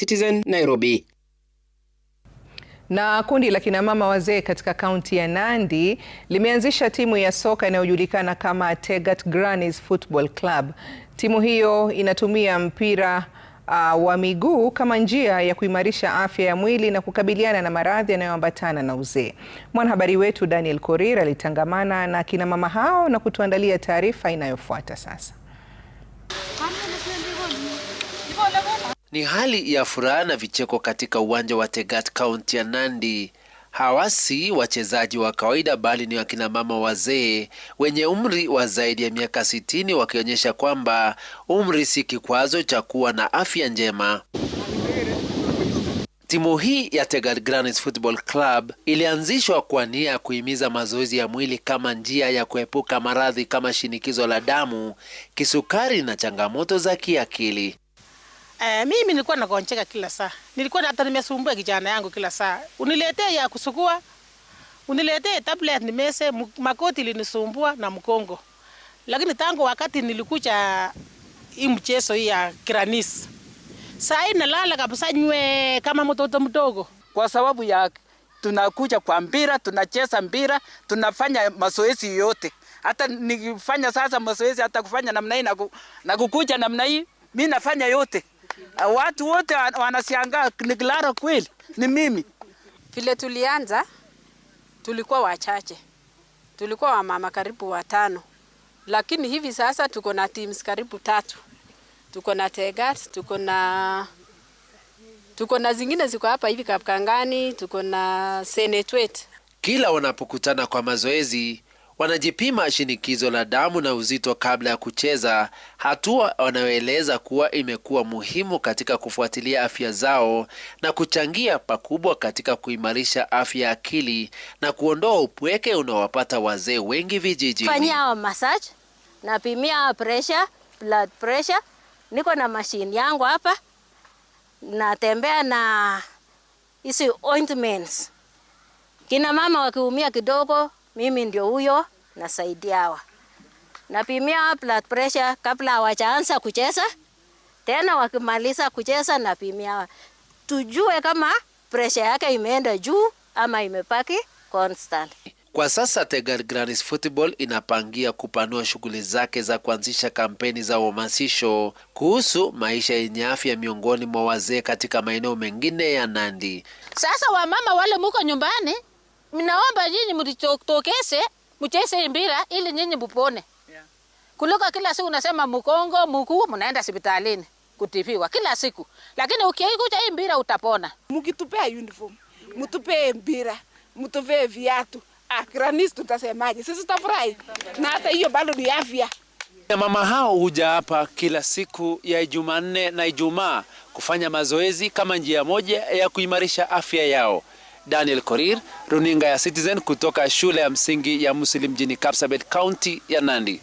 Citizen Nairobi. Na kundi la kinamama wazee katika kaunti ya Nandi limeanzisha timu ya soka inayojulikana kama Tegat Grannies Football Club. Timu hiyo inatumia mpira uh, wa miguu kama njia ya kuimarisha afya ya mwili na kukabiliana na maradhi yanayoambatana na uzee. Mwanahabari wetu Daniel Korir alitangamana na kinamama hao na kutuandalia taarifa inayofuata sasa. Ni hali ya furaha na vicheko katika uwanja wa Tegat, kaunti ya Nandi. Hawa si wachezaji wa kawaida bali ni wakina mama wazee wenye umri wa zaidi ya miaka sitini, wakionyesha kwamba umri si kikwazo cha kuwa na afya njema. Timu hii ya Tegat Grannies Football Club ilianzishwa kwa nia ya kuhimiza mazoezi ya mwili kama njia ya kuepuka maradhi kama shinikizo la damu, kisukari na changamoto za kiakili. Eh, mimi nilikuwa nagonjeka kila saa, nilikuwa hata nimesumbua kijana yangu kila saa, uniletee ya kusukua, uniletee tablet nimese, makoti linisumbua na mkongo. Lakini tangu wakati nilikuja hii mchezo hii ya kiranis, saa hii nalala kabisa nywe kama mtoto mdogo, kwa sababu ya tunakuja kwa mpira, tunacheza mpira, tunafanya mazoezi yote. Hata nikifanya sasa mazoezi, hata kufanya namna hii na, kukuja namna hii, mimi nafanya yote Eh, watu wote wanashangaa, ni Clara kweli ni mimi. Vile tulianza tulikuwa wachache, tulikuwa wamama karibu watano, lakini hivi sasa tuko na teams karibu tatu. Tuko na Tegat, tuko na tuko na zingine ziko hapa hivi Kapkangani, tuko na Senetwet. Kila wanapokutana kwa mazoezi wanajipima shinikizo la damu na uzito kabla ya kucheza, hatua wanayoeleza kuwa imekuwa muhimu katika kufuatilia afya zao na kuchangia pakubwa katika kuimarisha afya ya akili na kuondoa upweke unaowapata wazee wengi vijijini. Fanyia massage, napimia pressure, blood pressure, niko na mashini yangu hapa, natembea na hizi ointments. Kina mama wakiumia kidogo mimi ndio huyo nasaidia hawa, napimia blood pressure kabla hawajaanza kucheza, tena wakimaliza kucheza napimia hawa, tujue kama pressure yake imeenda juu ama imepaki constant. Kwa sasa Tegal Grannies Football inapangia kupanua shughuli zake za kuanzisha kampeni za uhamasisho kuhusu maisha yenye afya miongoni mwa wazee katika maeneo mengine ya Nandi. Sasa wamama wale muko nyumbani Ninaomba nyinyi mtitokeze, mcheze mpira ili nyinyi mpone. Yeah. Kuliko kila siku unasema mkongo, mkuu mnaenda hospitalini kutibiwa kila siku. Lakini ukikuja hii mpira utapona. Mkitupea uniform, mtupee mpira, mtupee viatu. Akranis ah, tutasemaje? Sisi tutafurahi. Na hata hiyo bado ni afya. Mama hao huja hapa kila siku ya Jumanne na Ijumaa kufanya mazoezi kama njia moja ya kuimarisha afya yao. Daniel Korir, runinga ya Citizen kutoka shule ya msingi ya Muslim mjini Kapsabet, kaunti ya Nandi.